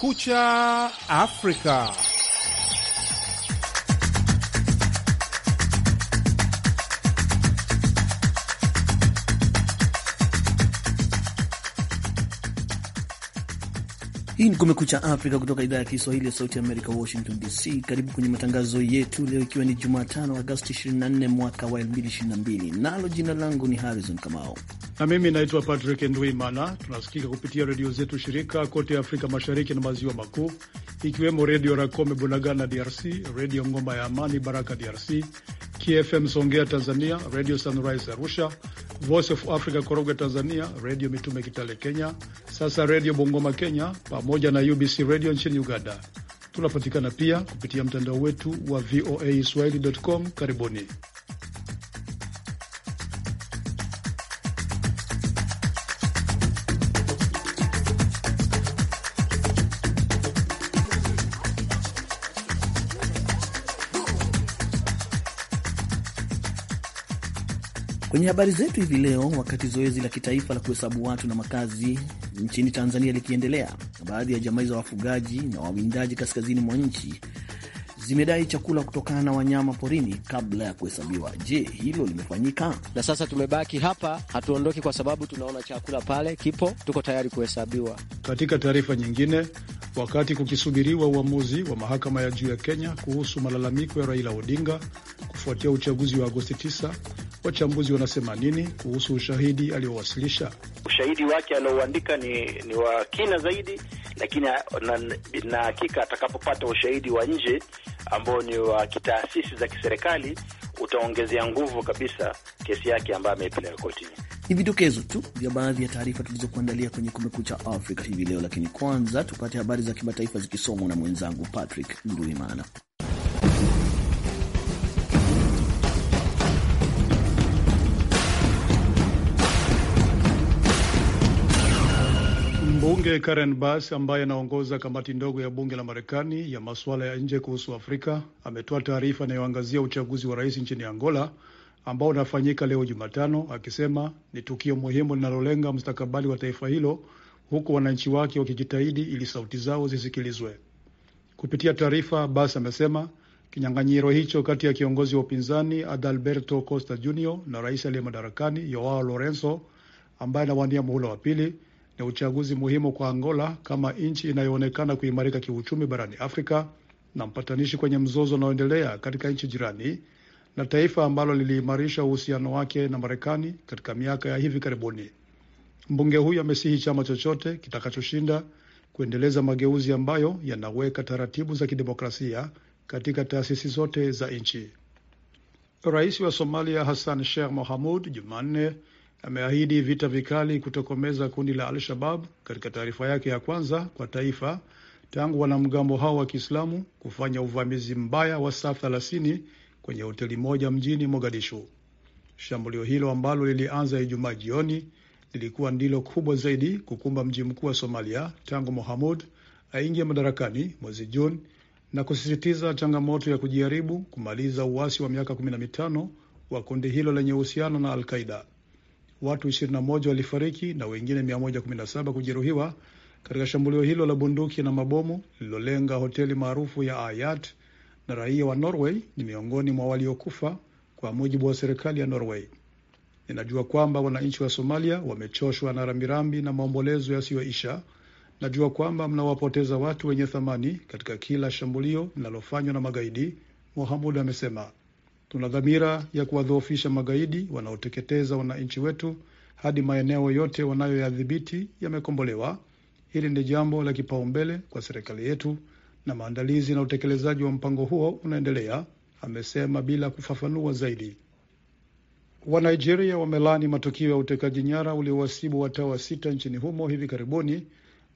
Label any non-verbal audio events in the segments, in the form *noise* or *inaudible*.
Kumekucha Afrika. Hii ni Kumekucha Afrika kutoka idhaa ya Kiswahili ya Sauti Amerika, Washington DC. Karibu kwenye matangazo yetu leo, ikiwa ni Jumatano Agosti 24 mwaka wa 2022, nalo jina langu ni Harrison Kamao na mimi naitwa Patrick Ndwimana. Tunasikika kupitia redio zetu shirika kote Afrika Mashariki na Maziwa Makuu, ikiwemo Redio Rakome Bunagana DRC, Redio Ngoma ya Amani Baraka DRC, KFM Songea Tanzania, Redio Sunrise Arusha, Voice of Africa Korogwe Tanzania, Redio Mitume Kitale Kenya, sasa Redio Bongoma Kenya, pamoja na UBC Redio nchini Uganda. Tunapatikana pia kupitia mtandao wetu wa VOA Swahili.com. Karibuni. Kwenye habari zetu hivi leo, wakati zoezi la kitaifa la kuhesabu watu na makazi nchini Tanzania likiendelea, baadhi ya jamii za wafugaji na wawindaji kaskazini mwa nchi zimedai chakula kutokana na wanyama porini kabla ya kuhesabiwa. Je, hilo limefanyika? Na sasa tumebaki hapa, hatuondoki kwa sababu tunaona chakula pale kipo, tuko tayari kuhesabiwa. Katika taarifa nyingine wakati kukisubiriwa uamuzi wa mahakama ya juu ya Kenya kuhusu malalamiko ya Raila Odinga kufuatia uchaguzi wa Agosti 9. Wachambuzi wanasema nini kuhusu ushahidi aliowasilisha? Ushahidi wake aliouandika ni, ni wa kina zaidi, lakini na hakika atakapopata ushahidi wa nje ambao ni wa kitaasisi za kiserikali utaongezea nguvu kabisa kesi yake ambayo ameipeleka kotini. Ni vidokezo tu vya baadhi ya taarifa tulizokuandalia kwenye Kumekucha Afrika hivi leo, lakini kwanza tupate habari za kimataifa zikisomwa na mwenzangu Patrick Nduimana. Mbunge Karen Bass ambaye anaongoza kamati ndogo ya bunge la Marekani ya masuala ya nje kuhusu Afrika ametoa taarifa inayoangazia uchaguzi wa rais nchini Angola ambao unafanyika leo Jumatano, akisema ni tukio muhimu linalolenga mustakabali wa taifa hilo huku wananchi wake wakijitahidi ili sauti zao zisikilizwe. Kupitia taarifa, Bas amesema kinyang'anyiro hicho kati ya kiongozi wa upinzani Adalberto Costa Jr na rais aliye madarakani Joao Lorenzo ambaye anawania muhula wa pili ni uchaguzi muhimu kwa Angola kama nchi inayoonekana kuimarika kiuchumi barani Afrika na mpatanishi kwenye mzozo unaoendelea katika nchi jirani na taifa ambalo liliimarisha uhusiano wake na Marekani katika miaka ya hivi karibuni. Mbunge huyu amesihi chama chochote kitakachoshinda kuendeleza mageuzi ambayo yanaweka taratibu za kidemokrasia katika taasisi zote za nchi. Rais wa Somalia Hassan Sheikh Mohamud Jumanne ameahidi vita vikali kutokomeza kundi la Al-Shabab katika taarifa yake ya kwanza kwa taifa tangu wanamgambo hao wa Kiislamu kufanya uvamizi mbaya wa saa 30 kwenye hoteli moja mjini Mogadishu. Shambulio hilo ambalo lilianza Ijumaa jioni lilikuwa ndilo kubwa zaidi kukumba mji mkuu wa Somalia tangu Mohamud aingia madarakani mwezi Juni na kusisitiza changamoto ya kujaribu kumaliza uasi wa miaka 15 wa kundi hilo lenye uhusiano na al Watu 21 walifariki na wengine 117 kujeruhiwa katika shambulio hilo la bunduki na mabomu lililolenga hoteli maarufu ya Ayat na raia wa Norway ni miongoni mwa waliokufa, kwa mujibu wa serikali ya Norway. Ninajua kwamba wananchi wa Somalia wamechoshwa na rambirambi na maombolezo yasiyoisha. Najua kwamba mnawapoteza watu wenye thamani katika kila shambulio linalofanywa na magaidi, Mohamud amesema. Tuna dhamira ya kuwadhoofisha magaidi wanaoteketeza wananchi wetu hadi maeneo yote wanayoyadhibiti yamekombolewa. Hili ni jambo la kipaumbele kwa serikali yetu na maandalizi na utekelezaji wa mpango huo unaendelea, amesema bila kufafanua zaidi. Wanigeria wamelani matukio ya utekaji nyara uliowasibu watawa sita nchini humo hivi karibuni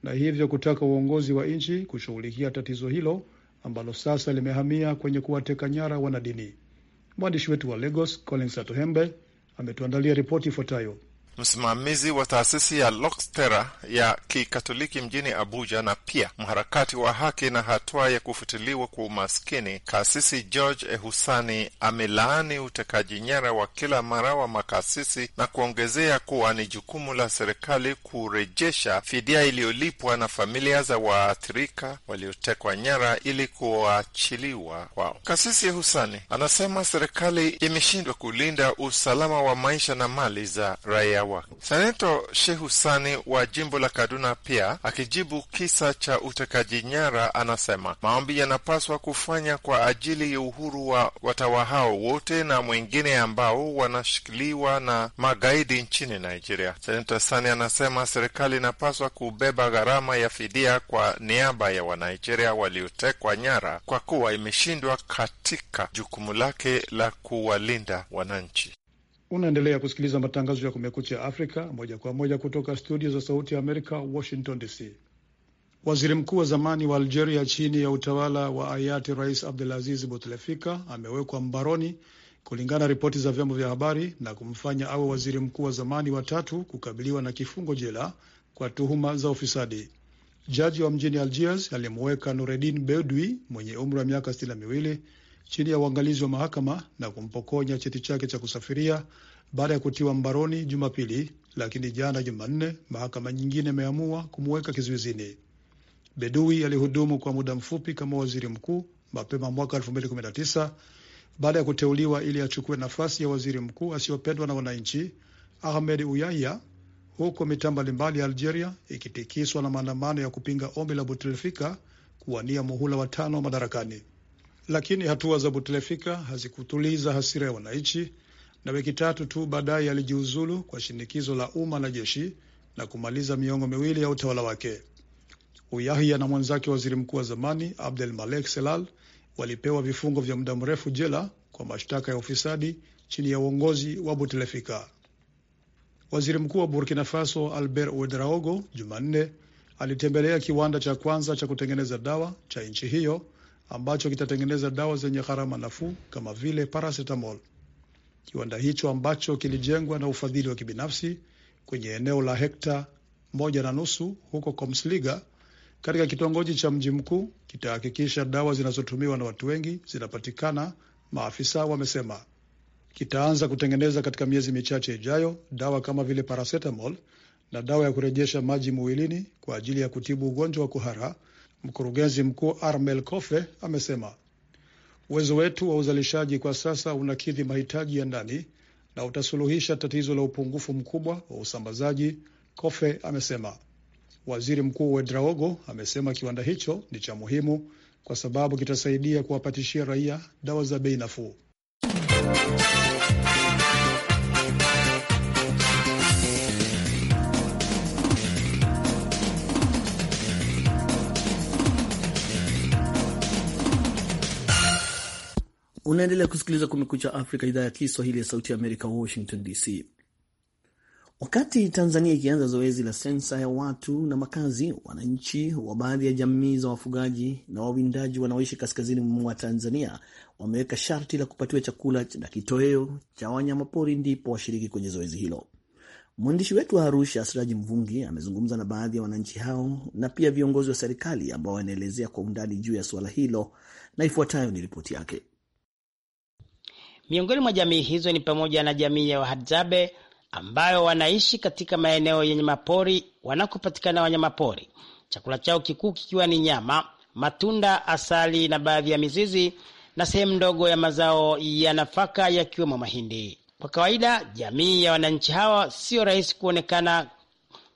na hivyo kutaka uongozi wa nchi kushughulikia tatizo hilo ambalo sasa limehamia kwenye kuwateka nyara wanadini. Mwandishi wetu wa Lagos Collins Atohembe ametuandalia ripoti ifuatayo msimamizi wa taasisi ya Loxtera ya Kikatoliki mjini Abuja na pia mharakati wa haki na hatua ya kufutiliwa kwa umaskini, kasisi George Ehusani amelaani utekaji nyara wa kila mara wa makasisi na kuongezea kuwa ni jukumu la serikali kurejesha fidia iliyolipwa na familia za waathirika waliotekwa nyara ili kuachiliwa kwao. Kasisi Ehusani anasema serikali imeshindwa kulinda usalama wa maisha na mali za raia dawa. Senato Shehu Sani wa jimbo la Kaduna pia akijibu kisa cha utekaji nyara, anasema maombi yanapaswa kufanya kwa ajili ya uhuru wa watawa hao wote na mwengine ambao wanashikiliwa na magaidi nchini Nigeria. Senato Sani anasema serikali inapaswa kubeba gharama ya fidia kwa niaba ya Wanigeria waliotekwa nyara, kwa kuwa imeshindwa katika jukumu lake la kuwalinda wananchi. Unaendelea kusikiliza matangazo ya Kumekucha Afrika moja kwa moja kutoka studio za Sauti ya Amerika, Washington DC. Waziri mkuu wa zamani wa Algeria chini ya utawala wa hayati Rais Abdelaziz butlefika amewekwa mbaroni kulingana na ripoti za vyombo vya habari na kumfanya awe waziri mkuu wa zamani wa tatu kukabiliwa na kifungo jela kwa tuhuma za ufisadi. Jaji wa mjini Algiers alimweka Nureddin bedwi mwenye umri wa miaka sitini na miwili chini ya uangalizi wa mahakama na kumpokonya cheti chake cha kusafiria baada ya kutiwa mbaroni Jumapili, lakini jana Jumanne mahakama nyingine imeamua kumweka kizuizini. Bedui alihudumu kwa muda mfupi kama waziri mkuu mapema mwaka 2019 baada ya kuteuliwa ili achukue nafasi ya waziri mkuu asiyopendwa na wananchi Ahmed Uyaya huko mitaa mbalimbali ya Algeria ikitikiswa na maandamano ya kupinga ombi la Bouteflika kuwania muhula watano madarakani lakini hatua za Butlefika hazikutuliza hasira ya wananchi, na wiki tatu tu baadaye alijiuzulu kwa shinikizo la umma na jeshi na kumaliza miongo miwili ya utawala wake. Uyahya na mwenzake waziri mkuu wa zamani Abdel Malek Selal walipewa vifungo vya muda mrefu jela kwa mashtaka ya ufisadi chini ya uongozi wa Butlefika. Waziri mkuu wa Burkina Faso Albert Ouedraogo Jumanne alitembelea kiwanda cha kwanza cha kutengeneza dawa cha nchi hiyo ambacho kitatengeneza dawa zenye gharama nafuu kama vile paracetamol. Kiwanda hicho ambacho kilijengwa na ufadhili wa kibinafsi kwenye eneo la hekta moja na nusu huko Komsliga katika kitongoji cha mji mkuu kitahakikisha dawa zinazotumiwa na watu wengi zinapatikana, maafisa wamesema. Kitaanza kutengeneza katika miezi michache ijayo dawa kama vile paracetamol na dawa ya kurejesha maji mwilini kwa ajili ya kutibu ugonjwa wa kuhara Mkurugenzi mkuu Armel Kofe amesema uwezo wetu wa uzalishaji kwa sasa unakidhi mahitaji ya ndani na utasuluhisha tatizo la upungufu mkubwa wa usambazaji, Kofe amesema. Waziri Mkuu Wedraogo amesema kiwanda hicho ni cha muhimu kwa sababu kitasaidia kuwapatishia raia dawa za bei nafuu. Unaendelea kusikiliza Kumekucha Afrika, idhaa ya Kiswahili ya Sauti ya Amerika, Washington DC. Wakati Tanzania ikianza zoezi la sensa ya watu na makazi, wananchi wa baadhi ya jamii za wafugaji na wawindaji wanaoishi kaskazini mwa Tanzania wameweka sharti la kupatiwa chakula na kitoweo cha wanyamapori ndipo washiriki kwenye zoezi hilo. Mwandishi wetu wa Arusha, Siraji Mvungi, amezungumza na baadhi ya wananchi hao na pia viongozi wa serikali ambao wanaelezea kwa undani juu ya suala hilo, na ifuatayo ni ripoti yake. Miongoni mwa jamii hizo ni pamoja na jamii ya Wahadzabe ambayo wanaishi katika maeneo yenye mapori wanakopatikana wanyamapori, chakula chao kikuu kikiwa ni nyama, matunda, asali na baadhi ya mizizi na sehemu ndogo ya mazao ya nafaka yakiwemo mahindi. Kwa kawaida, jamii ya wananchi hawa sio rahisi kuonekana,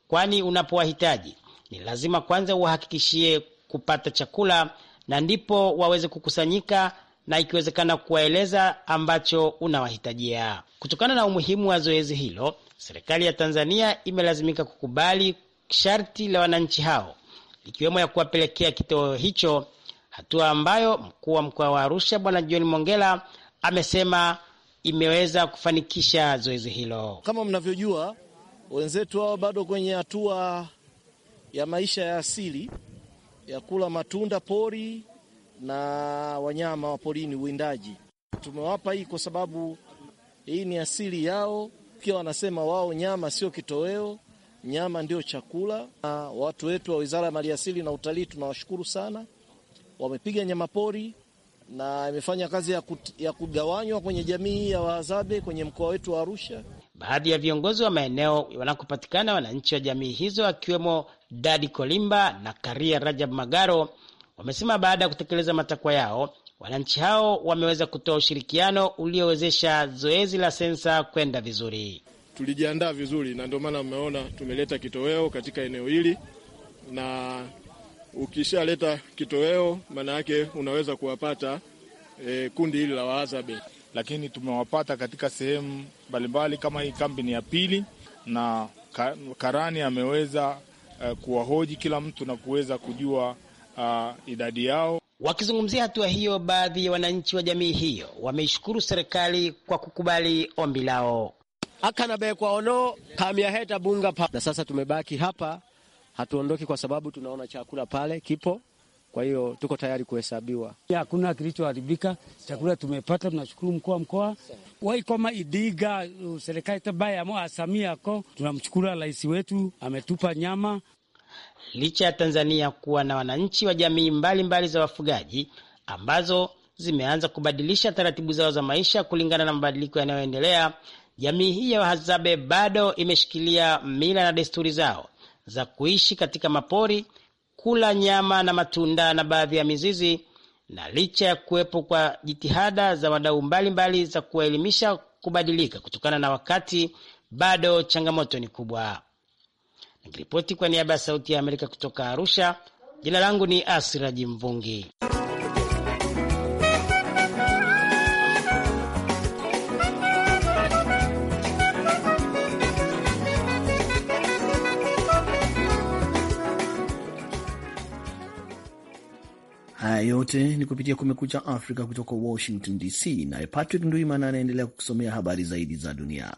kwani unapowahitaji ni lazima kwanza uwahakikishie kupata chakula na ndipo waweze kukusanyika na ikiwezekana kuwaeleza ambacho unawahitajia. Kutokana na umuhimu wa zoezi hilo, serikali ya Tanzania imelazimika kukubali sharti la wananchi hao ikiwemo ya kuwapelekea kitoo hicho, hatua ambayo mkuu wa mkoa wa Arusha Bwana John Mongela amesema imeweza kufanikisha zoezi hilo. Kama mnavyojua, wenzetu hao bado kwenye hatua ya maisha ya asili ya kula matunda pori na wanyama wa porini, uwindaji. Tumewapa hii kwa sababu hii ni asili yao. Pia wanasema wao nyama sio kitoweo, nyama ndio chakula. Na watu wetu wa Wizara ya Maliasili na Utalii tunawashukuru sana, wamepiga nyama pori na imefanya kazi ya, kut, ya kugawanywa kwenye jamii ya Wahadzabe kwenye mkoa wetu wa Arusha. Baadhi ya viongozi wa maeneo wanakopatikana wananchi wa jamii hizo akiwemo Dadi Kolimba na Karia Rajab Magaro Wamesema baada ya kutekeleza matakwa yao, wananchi hao wameweza kutoa ushirikiano uliowezesha zoezi la sensa kwenda vizuri. Tulijiandaa vizuri na ndio maana mmeona tumeleta kitoweo katika eneo hili, na ukishaleta kitoweo maana yake unaweza kuwapata e, kundi hili la Waazabe, lakini tumewapata katika sehemu mbalimbali. Kama hii kambi ni ya pili, na karani ameweza e, kuwahoji kila mtu na kuweza kujua uh, idadi yao. Wakizungumzia hatua hiyo, baadhi ya wananchi wa jamii hiyo wameishukuru serikali kwa kukubali ombi lao. akanabekwa ono bunga pa. Na sasa tumebaki hapa, hatuondoki kwa sababu tunaona chakula pale kipo kwa hiyo tuko tayari kuhesabiwa, hakuna kilichoharibika. Chakula tumepata, tunashukuru mkuu wa mkoa waikoma idiga serikali tabaya mo asamia ko tunamchukura rais wetu ametupa nyama licha ya Tanzania kuwa na wananchi wa jamii mbalimbali mbali za wafugaji ambazo zimeanza kubadilisha taratibu zao za maisha kulingana na mabadiliko yanayoendelea, jamii hii ya Wahadzabe bado imeshikilia mila na desturi zao za kuishi katika mapori, kula nyama na matunda na baadhi ya mizizi, na licha ya kuwepo kwa jitihada za wadau mbalimbali za kuwaelimisha kubadilika kutokana na wakati, bado changamoto ni kubwa. Nikiripoti kwa niaba ya Sauti ya Amerika kutoka Arusha, jina langu ni Asiraji Mvungi. Haya yote ni kupitia Kumekucha Afrika kutoka Washington DC, naye Patrick Nduimana anaendelea kukusomea habari zaidi za dunia.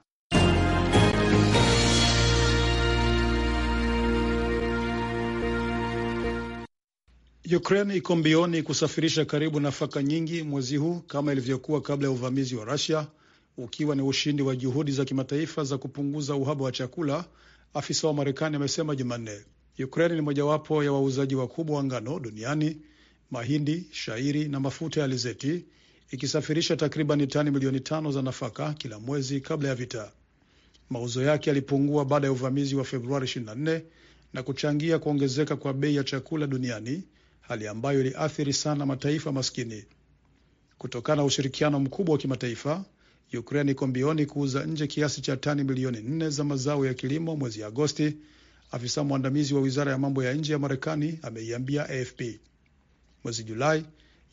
Ukraine iko mbioni kusafirisha karibu nafaka nyingi mwezi huu kama ilivyokuwa kabla ya uvamizi wa Russia, ukiwa ni ushindi wa juhudi za kimataifa za kupunguza uhaba wa chakula, afisa wa Marekani amesema Jumanne. Ukraine ni mojawapo ya wauzaji wakubwa wa ngano duniani, mahindi, shairi na mafuta ya alizeti, ikisafirisha takriban tani milioni tano za nafaka kila mwezi kabla ya vita. Mauzo yake yalipungua baada ya uvamizi wa Februari 24 na kuchangia kuongezeka kwa bei ya chakula duniani hali ambayo iliathiri sana mataifa maskini. Kutokana na ushirikiano mkubwa wa kimataifa, Ukraine iko mbioni kuuza nje kiasi cha tani milioni nne za mazao ya kilimo mwezi Agosti, afisa mwandamizi wa wizara ya mambo ya nje ya Marekani ameiambia AFP. Mwezi Julai,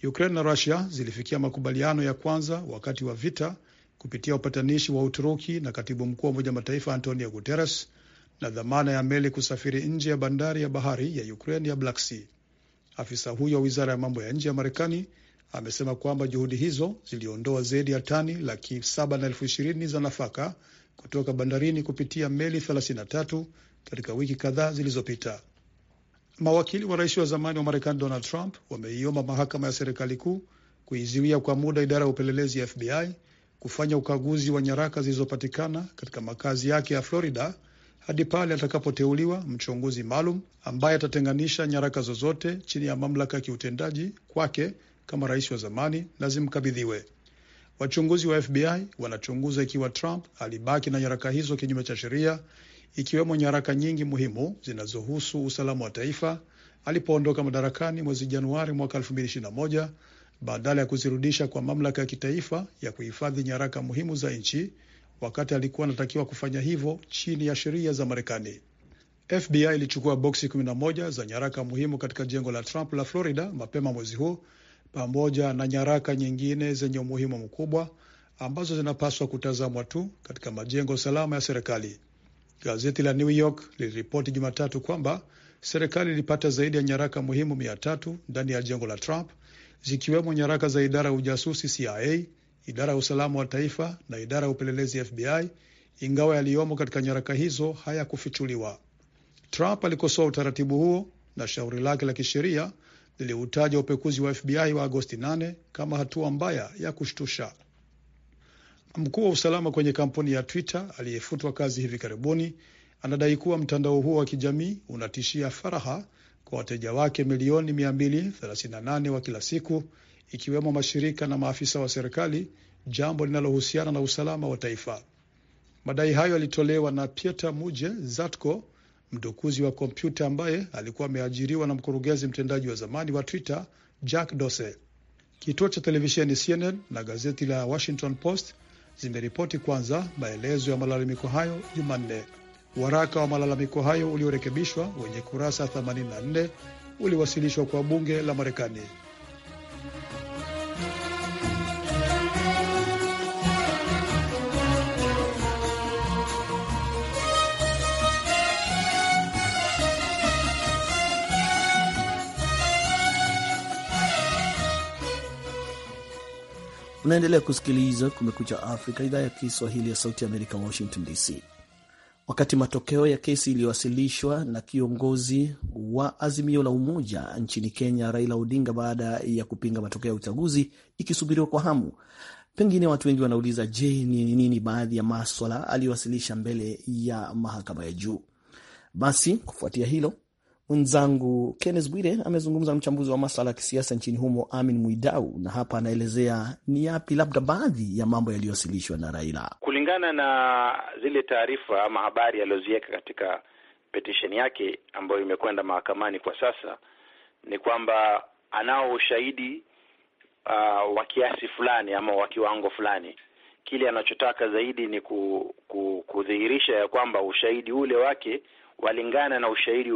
Ukraine na Rusia zilifikia makubaliano ya kwanza wakati wa vita kupitia upatanishi wa Uturuki na katibu mkuu wa Umoja Mataifa Antonio Guterres na dhamana ya meli kusafiri nje ya bandari ya bahari ya Ukraine ya Black Sea. Afisa huyo wa wizara ya mambo ya nje ya Marekani amesema kwamba juhudi hizo ziliondoa zaidi ya tani laki saba na elfu ishirini za nafaka kutoka bandarini kupitia meli 33 katika wiki kadhaa zilizopita. Mawakili wa rais wa zamani wa Marekani Donald Trump wameiomba mahakama ya serikali kuu kuizuia kwa muda idara ya upelelezi ya FBI kufanya ukaguzi wa nyaraka zilizopatikana katika makazi yake ya Florida hadi pale atakapoteuliwa mchunguzi maalum ambaye atatenganisha nyaraka zozote chini ya mamlaka ya kiutendaji kwake kama rais wa zamani na zimkabidhiwe. Wachunguzi wa FBI wanachunguza ikiwa Trump alibaki na nyaraka hizo kinyume cha sheria, ikiwemo nyaraka nyingi muhimu zinazohusu usalama wa taifa alipoondoka madarakani mwezi Januari mwaka 2021 badala ya kuzirudisha kwa mamlaka ya kitaifa ya kuhifadhi nyaraka muhimu za nchi wakati alikuwa anatakiwa kufanya hivyo chini ya sheria za Marekani. FBI ilichukua boksi 11 za nyaraka muhimu katika jengo la Trump la Florida mapema mwezi huu pamoja na nyaraka nyingine zenye umuhimu mkubwa ambazo zinapaswa kutazamwa tu katika majengo salama ya serikali. Gazeti la New York liliripoti Jumatatu kwamba serikali ilipata zaidi ya nyaraka muhimu mia tatu ndani ya jengo la Trump, zikiwemo nyaraka za idara ya ujasusi CIA, idara ya usalama wa taifa na idara ya upelelezi FBI, ingawa yaliyomo katika nyaraka hizo hayakufichuliwa. Trump alikosoa utaratibu huo na shauri lake la kisheria liliutaja upekuzi wa FBI wa Agosti 8 kama hatua mbaya ya kushtusha. Mkuu wa usalama kwenye kampuni ya Twitter aliyefutwa kazi hivi karibuni anadai kuwa mtandao huo wa kijamii unatishia faraha kwa wateja wake milioni 238 wa kila siku ikiwemo mashirika na maafisa wa serikali, jambo linalohusiana na usalama wa taifa. Madai hayo yalitolewa na Pieter Muje Zatko, mdukuzi wa kompyuta ambaye alikuwa ameajiriwa na mkurugenzi mtendaji wa zamani wa Twitter Jack Dorsey. Kituo cha televisheni CNN na gazeti la Washington Post zimeripoti kwanza maelezo ya malalamiko hayo Jumanne. Waraka wa malalamiko hayo uliorekebishwa wenye kurasa 84 uliwasilishwa kwa bunge la Marekani. Unaendelea kusikiliza Kumekucha Afrika, idhaa ya Kiswahili ya Sauti ya Amerika, Washington DC. Wakati matokeo ya kesi iliyowasilishwa na kiongozi wa Azimio la Umoja nchini Kenya, Raila Odinga, baada ya kupinga matokeo ya uchaguzi ikisubiriwa kwa hamu, pengine watu wengi wanauliza, je, ni nini baadhi ya maswala aliyowasilisha mbele ya mahakama ya juu? Basi kufuatia hilo Mwenzangu Kennes Bwire amezungumza na mchambuzi wa maswala ya kisiasa nchini humo Amin Mwidau, na hapa anaelezea ni yapi labda baadhi ya mambo yaliyowasilishwa na Raila kulingana na zile taarifa ama habari aliyoziweka katika petisheni yake ambayo imekwenda mahakamani kwa sasa, ni kwamba anao ushahidi uh, wa kiasi fulani ama wa kiwango fulani. Kile anachotaka zaidi ni ku, ku, kudhihirisha ya kwamba ushahidi ule wake walingana na ushahidi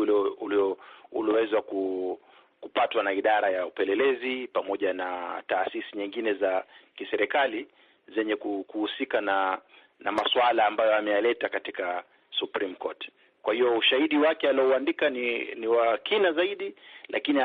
ulioweza ku kupatwa na idara ya upelelezi pamoja na taasisi nyingine za kiserikali zenye kuhusika na na masuala ambayo ameyaleta katika Supreme Court. Kwa hiyo ushahidi wake aliouandika ni ni wa kina zaidi, lakini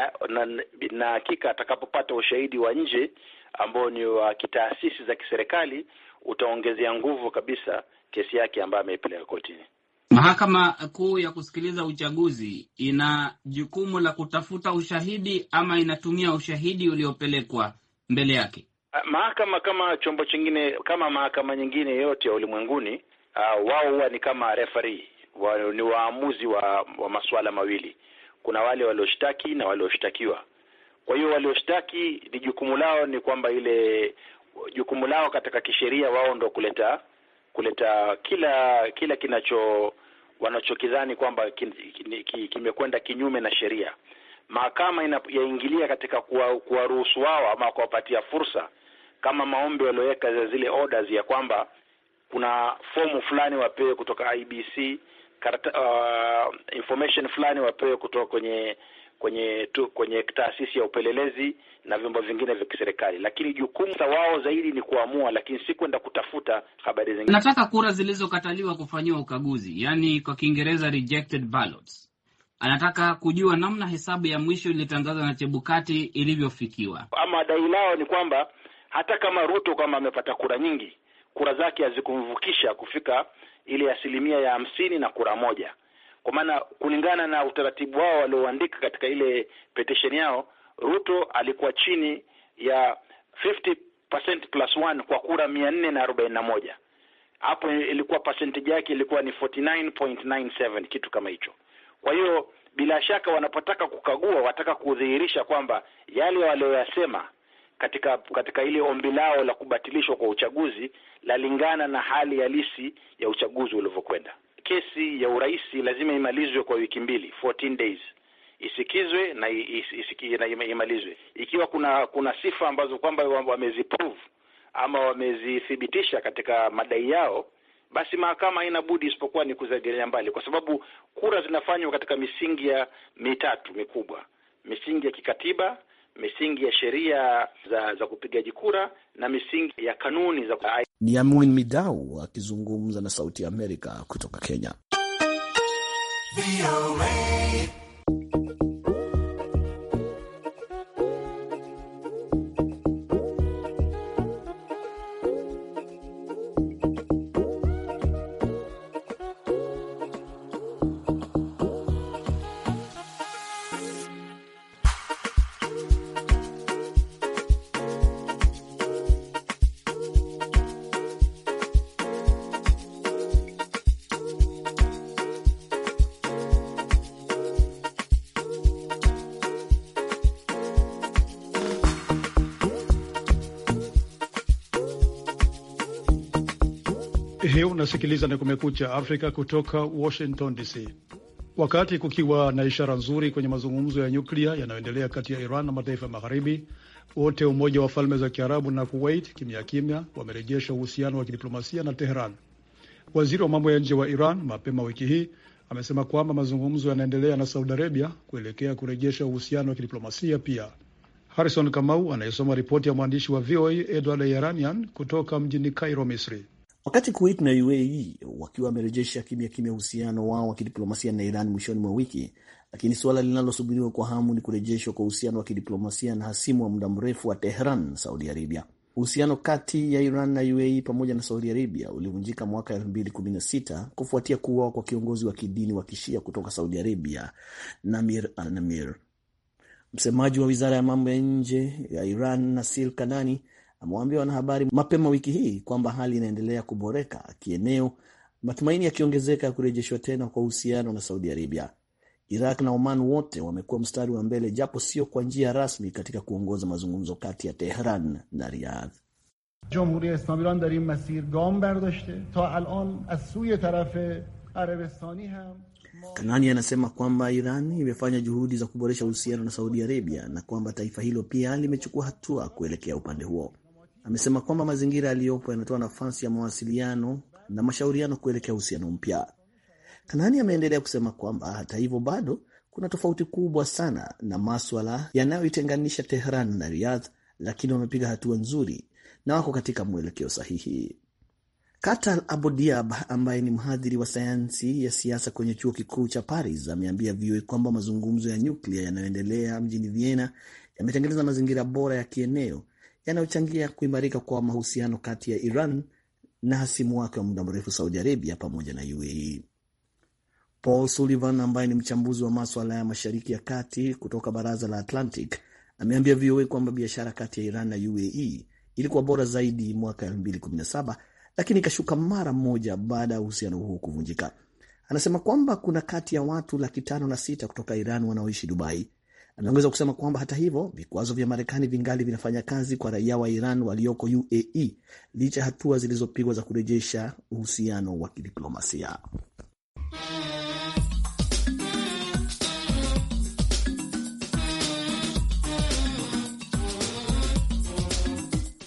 na hakika atakapopata ushahidi wa nje ambao ni wa kitaasisi za kiserikali utaongezea nguvu kabisa kesi yake ambayo ameipeleka kotini. Mahakama Kuu ya kusikiliza uchaguzi ina jukumu la kutafuta ushahidi ama inatumia ushahidi uliopelekwa mbele yake? Ah, mahakama kama chombo chingine, kama mahakama nyingine yote ya ulimwenguni, uh, wao huwa ni kama referee wa, ni waamuzi wa, wa masuala mawili. Kuna wale walioshtaki na walioshtakiwa. Kwa hiyo walioshtaki, ni jukumu lao ni kwamba ile jukumu lao katika kisheria, wao ndo kuleta kuleta kila kila kinacho wanachokidhani kwamba kimekwenda kinyume na sheria. Mahakama yaingilia katika kuwaruhusu wao ama kuwapatia fursa, kama maombi walioweka zile orders ya kwamba kuna fomu fulani wapewe kutoka IBC karata, uh, information fulani wapewe kutoka kwenye kwenye tu, kwenye taasisi ya upelelezi na vyombo vingine vya kiserikali, lakini jukumu wao zaidi ni kuamua, lakini si kwenda kutafuta habari zingine. Nataka kura zilizokataliwa kufanyiwa ukaguzi, yani kwa Kiingereza rejected ballots. Anataka kujua namna hesabu ya mwisho ilitangazwa na Chebukati ilivyofikiwa. Ama dai lao ni kwamba hata kama Ruto kama amepata kura nyingi, kura zake hazikumvukisha kufika ile asilimia ya hamsini na kura moja kwa maana kulingana na utaratibu wao walioandika katika ile petition yao, Ruto alikuwa chini ya 50% plus 1 kwa kura mia nne na arobaini na moja. Hapo ilikuwa percentage yake ilikuwa ni 49.97 kitu kama hicho. Kwa hiyo bila shaka wanapotaka kukagua, wataka kudhihirisha kwamba yale walioyasema katika katika ile ombi lao la kubatilishwa kwa uchaguzi lalingana na hali halisi ya uchaguzi ulivyokwenda kesi ya urais lazima imalizwe kwa wiki mbili, 14 days isikizwe na, isiki, na imalizwe. Ikiwa kuna kuna sifa ambazo kwamba wameziprove ama wamezithibitisha katika madai yao, basi mahakama haina budi isipokuwa ni kuzagelea mbali, kwa sababu kura zinafanywa katika misingi ya mitatu mikubwa: misingi ya kikatiba, misingi ya sheria za za kupigaji kura na misingi ya kanuni za. Ni Amwin Midau akizungumza na Sauti ya Amerika kutoka Kenya. unasikiliza ni Kumekucha Afrika kutoka Washington DC. Wakati kukiwa na ishara nzuri kwenye mazungumzo ya nyuklia yanayoendelea kati ya Iran na mataifa ya Magharibi, wote Umoja wa Falme za Kiarabu na Kuwait kimya kimya wamerejesha uhusiano wa kidiplomasia na Teheran. Waziri wa mambo ya nje wa Iran mapema wiki hii amesema kwamba mazungumzo yanaendelea na Saudi Arabia kuelekea kurejesha uhusiano wa kidiplomasia pia. Harrison Kamau anayesoma ripoti ya mwandishi wa VOA Edward Yeranian kutoka mjini Cairo, Misri wakati Kuwait na UAE wakiwa wamerejesha kimya kimya uhusiano wao wa kidiplomasia na Iran mwishoni mwa wiki, lakini suala linalosubiriwa kwa hamu ni kurejeshwa kwa uhusiano wa kidiplomasia na hasimu wa muda mrefu wa Tehran, Saudi Arabia. Uhusiano kati ya Iran na UAE pamoja na Saudi Arabia ulivunjika mwaka 2016 kufuatia kuuawa kwa kiongozi wa kidini wa kishia kutoka Saudi Arabia, Namir al-Namir. Msemaji wa wizara ya mambo ya nje ya Iran, Nasir Kanani, amewaambia wanahabari mapema wiki hii kwamba hali inaendelea kuboreka kieneo, matumaini yakiongezeka ya kurejeshwa tena kwa uhusiano na Saudi Arabia. Iraq na Oman wote wamekuwa mstari wa mbele, japo sio kwa njia rasmi, katika kuongoza mazungumzo kati ya Tehran na Riyadh. Jumhuri Islami Iran dar in masir gam ta alan az suye taraf arabistani ham Kanani anasema kwamba Iran imefanya juhudi za kuboresha uhusiano na Saudi Arabia na kwamba taifa hilo pia limechukua hatua kuelekea upande huo amesema kwamba mazingira yaliyopo yanatoa nafasi ya mawasiliano na mashauriano kuelekea uhusiano mpya. Kanani ameendelea kusema kwamba hata hivyo bado kuna tofauti kubwa sana na maswala yanayoitenganisha Tehran na Riyadh, lakini wamepiga hatua nzuri na wako katika mwelekeo sahihi. Katal Abodiab ambaye ni mhadhiri wa sayansi ya siasa kwenye chuo kikuu cha Paris ameambia VOA kwamba mazungumzo ya nyuklia yanayoendelea mjini Vienna yametengeneza mazingira bora ya kieneo yanayochangia kuimarika kwa mahusiano kati ya Iran na hasimu wake wa muda mrefu Saudi Arabia pamoja na UAE. Paul Sullivan ambaye ni mchambuzi wa maswala ya Mashariki ya Kati kutoka Baraza la Atlantic ameambia VOA kwamba biashara kati ya Iran na UAE ilikuwa bora zaidi mwaka 2017 lakini ikashuka mara moja baada ya uhusiano huo kuvunjika. Anasema kwamba kuna kati ya watu laki tano na sita kutoka Iran wanaoishi Dubai Ameongeza kusema kwamba hata hivyo, vikwazo vya Marekani vingali vinafanya kazi kwa raia wa Iran walioko UAE licha ya hatua zilizopigwa za kurejesha uhusiano wa kidiplomasia.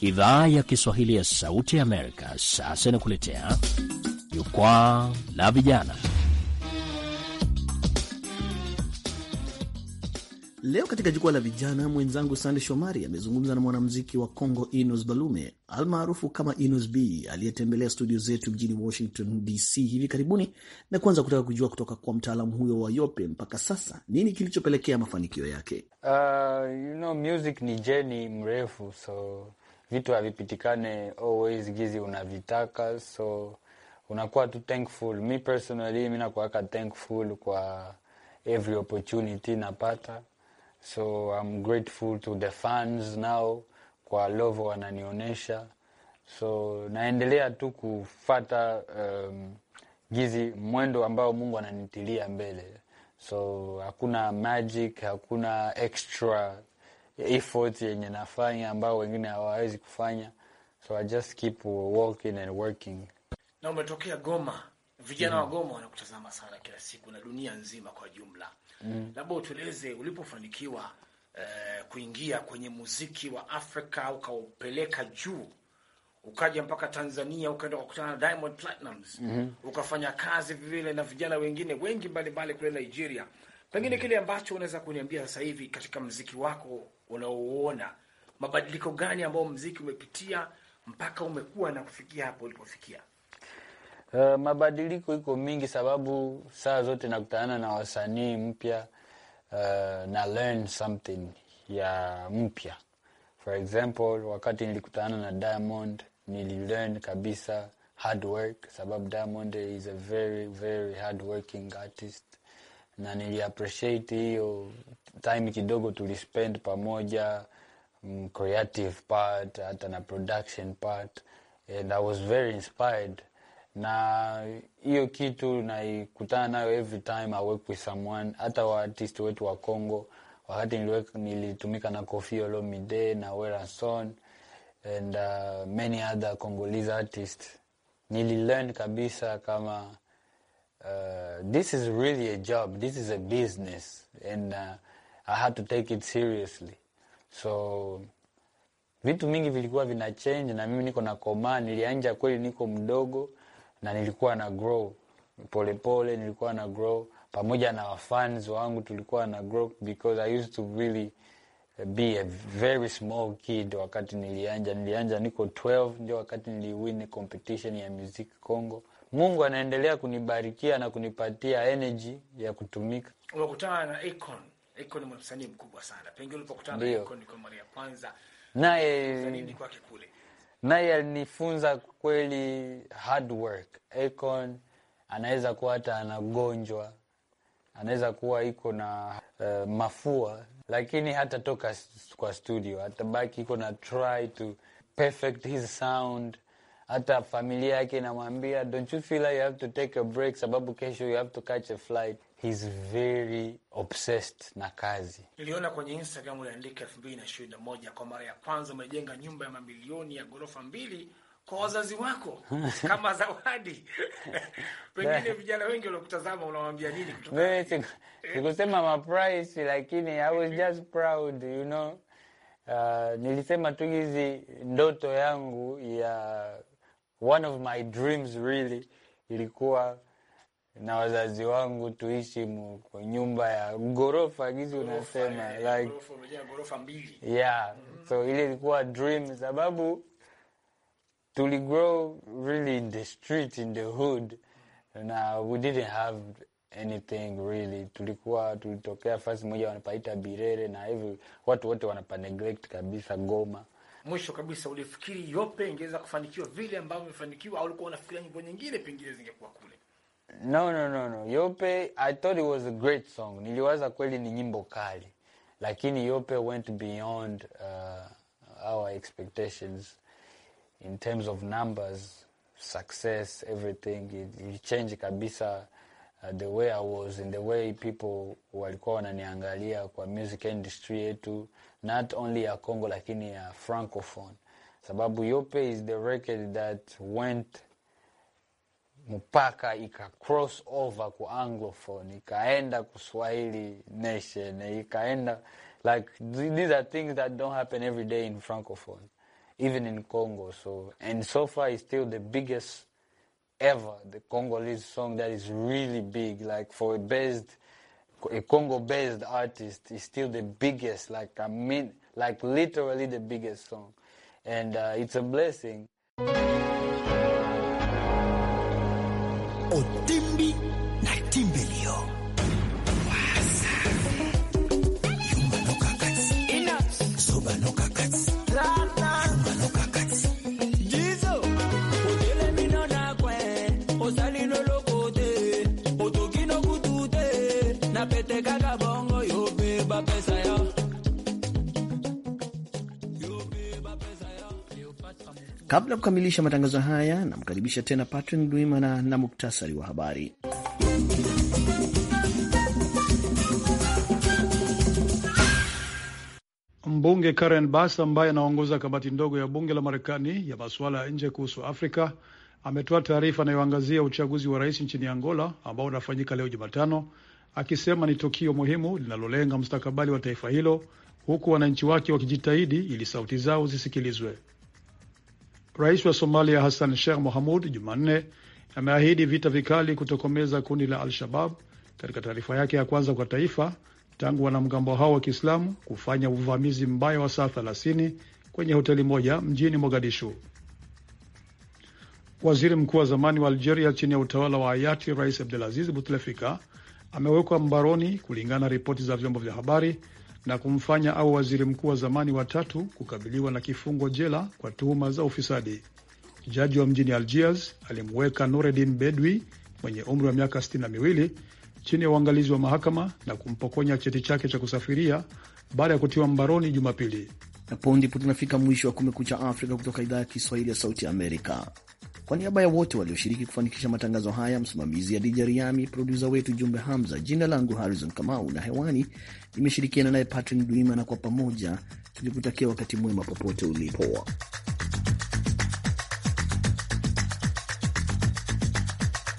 Idhaa ya Kiswahili ya Sauti ya Amerika sasa inakuletea Jukwaa la Vijana. Leo katika jukwaa la vijana, mwenzangu Sande Shomari amezungumza na mwanamuziki wa Congo Inos Balume almaarufu kama Inos B aliyetembelea studio zetu mjini Washington DC hivi karibuni, na kwanza kutaka kujua kutoka kwa mtaalamu huyo wa yope mpaka sasa nini kilichopelekea mafanikio yake. Uh, you know, music ni jeni mrefu, so vitu havipitikane always gizi unavitaka, so unakuwa tu thankful. Mi personally mi nakuwaka thankful kwa every opportunity napata So I'm grateful to the fans now kwa love wananionyesha, so naendelea tu kufata um, gizi mwendo ambao Mungu ananitilia mbele, so hakuna magic, hakuna extra effort yenye nafanya ambao wengine hawawezi kufanya, so I just keep walking and working. Na umetokea Goma, vijana mm, wa mm-hmm. Goma wanakutazama sana kila siku na dunia nzima kwa jumla mm. Labda utueleze ulipofanikiwa eh, kuingia kwenye muziki wa Afrika ukaupeleka juu ukaja mpaka Tanzania ukaenda kukutana na Diamond Platnumz mm -hmm. ukafanya kazi vile na vijana wengine wengi mbalimbali kule Nigeria, pengine mm. kile ambacho unaweza kuniambia sasa hivi katika mziki wako unaouona, mabadiliko gani ambayo mziki umepitia mpaka umekuwa na kufikia hapo ulipofikia? Uh, mabadiliko iko mingi sababu saa zote nakutana na wasanii mpya uh, na learn something ya mpya. For example, wakati nilikutana na Diamond nililearn kabisa hard work, sababu Diamond is a very very hard working artist, na niliappreciate hiyo time kidogo tulispend pamoja, um, creative part hata na production part and I was very inspired na hiyo kitu naikutana nayo every time I work with someone. Hata waartist wetu wa Congo, wakati nilitumika na Koffi Olomide na Wera and uh, many other Congolese artists nililearn kabisa kama uh, this is really a job, this is a business and uh, I had to take it seriously so vitu mingi vilikuwa vina change na mimi niko na koma, nilianja kweli niko mdogo na nilikuwa na grow polepole, pole, nilikuwa na grow pamoja na wafans wangu, tulikuwa na grow because I used to really eh, be a very small kid. Wakati nilianja nilianja niko 12 ndio wakati niliwin competition ya music Congo. Mungu anaendelea kunibarikia na kunipatia energy ya kutumika. Umekutana na Akon. Akon ni msanii mkubwa sana, pengine ulipokutana na Akon kwa mara ya kwanza naye naye alinifunza kweli hard work. Akon anaweza kuwa hata anagonjwa, anaweza kuwa iko na uh, mafua, lakini hatatoka kwa studio, atabaki iko na try to perfect his sound. Hata familia yake inamwambia don't you feel like you have to take a break, sababu kesho you have to catch a flight He's very obsessed na kazi. Niliona kwenye Instagram uliandika elfu mbili na ishirini na moja kwa mara ya kwanza umejenga nyumba ya mamilioni ya ghorofa mbili kwa wazazi wako *laughs* kama zawadi. *laughs* Pengine vijana wengi waliokutazama unawaambia nini Sikusema maprice, lakini I was just proud, you know. Uh, nilisema tu hizi ndoto yangu ya one of my dreams really ilikuwa na wazazi wangu tuishi kwa nyumba ya ghorofa gizi unasema like, yeah. Mm-hmm. So ile ilikuwa dream sababu tuligrow really in the street in the hood na we didn't have anything really. Tulikuwa tulitokea fasi moja wanapaita Birere na hivi watu wote wanapa neglect kabisa Goma. Mwisho kabisa, ulifikiri Yope ingeweza kufanikiwa vile ambavyo imefanikiwa, au ulikuwa unafikiria nyimbo nyingine pengine zingekuwa kule? No, no, no, no. Yope, I thought it was a great song. Niliwaza kweli ni nyimbo kali, lakini Yope went beyond uh, our expectations in terms of numbers, success, everything. It changed kabisa uh, the way I was and the way people walikuwa wananiangalia kwa music industry yetu, not only ya Congo lakini ya francophone, sababu Yope is the record that went mpaka ika cross over ku anglophone ikaenda kuswahili nation ikaenda like these are things that don't happen every day in francophone even in congo so and so far is still the biggest ever the congolese song that is really big like for a based a congo based artist is still the biggest like i mean like literally the biggest song and uh, it's a blessing Odile. Kabla ya kukamilisha matangazo haya, namkaribisha tena Patrick dwimana na, na muktasari wa habari. Mbunge Karen Bass ambaye anaongoza kamati ndogo ya bunge la Marekani ya masuala ya nje kuhusu Afrika ametoa taarifa inayoangazia uchaguzi wa rais nchini Angola ambao unafanyika leo Jumatano, akisema ni tukio muhimu linalolenga mustakabali wa taifa hilo, huku wananchi wake wakijitahidi ili sauti zao zisikilizwe. Rais wa Somalia Hassan Sheikh Mohamud Jumanne ameahidi vita vikali kutokomeza kundi la Al-Shabab katika taarifa yake ya kwanza kwa taifa tangu wanamgambo hao wa Kiislamu kufanya uvamizi mbaya wa saa 30 kwenye hoteli moja mjini Mogadishu. Waziri mkuu wa zamani wa Algeria chini ya utawala wa hayati Rais Abdelaziz Butlefika amewekwa mbaroni kulingana na ripoti za vyombo vya habari na kumfanya au waziri mkuu wa zamani watatu kukabiliwa na kifungo jela kwa tuhuma za ufisadi. Jaji wa mjini Algiers alimweka Noredin Bedwi mwenye umri wa miaka sitini na miwili chini ya uangalizi wa mahakama na kumpokonya cheti chake cha kusafiria baada ya kutiwa mbaroni Jumapili. Napo ndipo tunafika mwisho wa Kumekucha Afrika kutoka idhaa ya Kiswahili ya Sauti Amerika. Kwa niaba ya wote walioshiriki kufanikisha matangazo haya, msimamizi Adija Riami, produsa wetu Jumbe Hamza, jina langu Harrison Kamau na hewani imeshirikiana naye Patrick Duima, na kwa pamoja tulikutakia wakati mwema popote ulipo.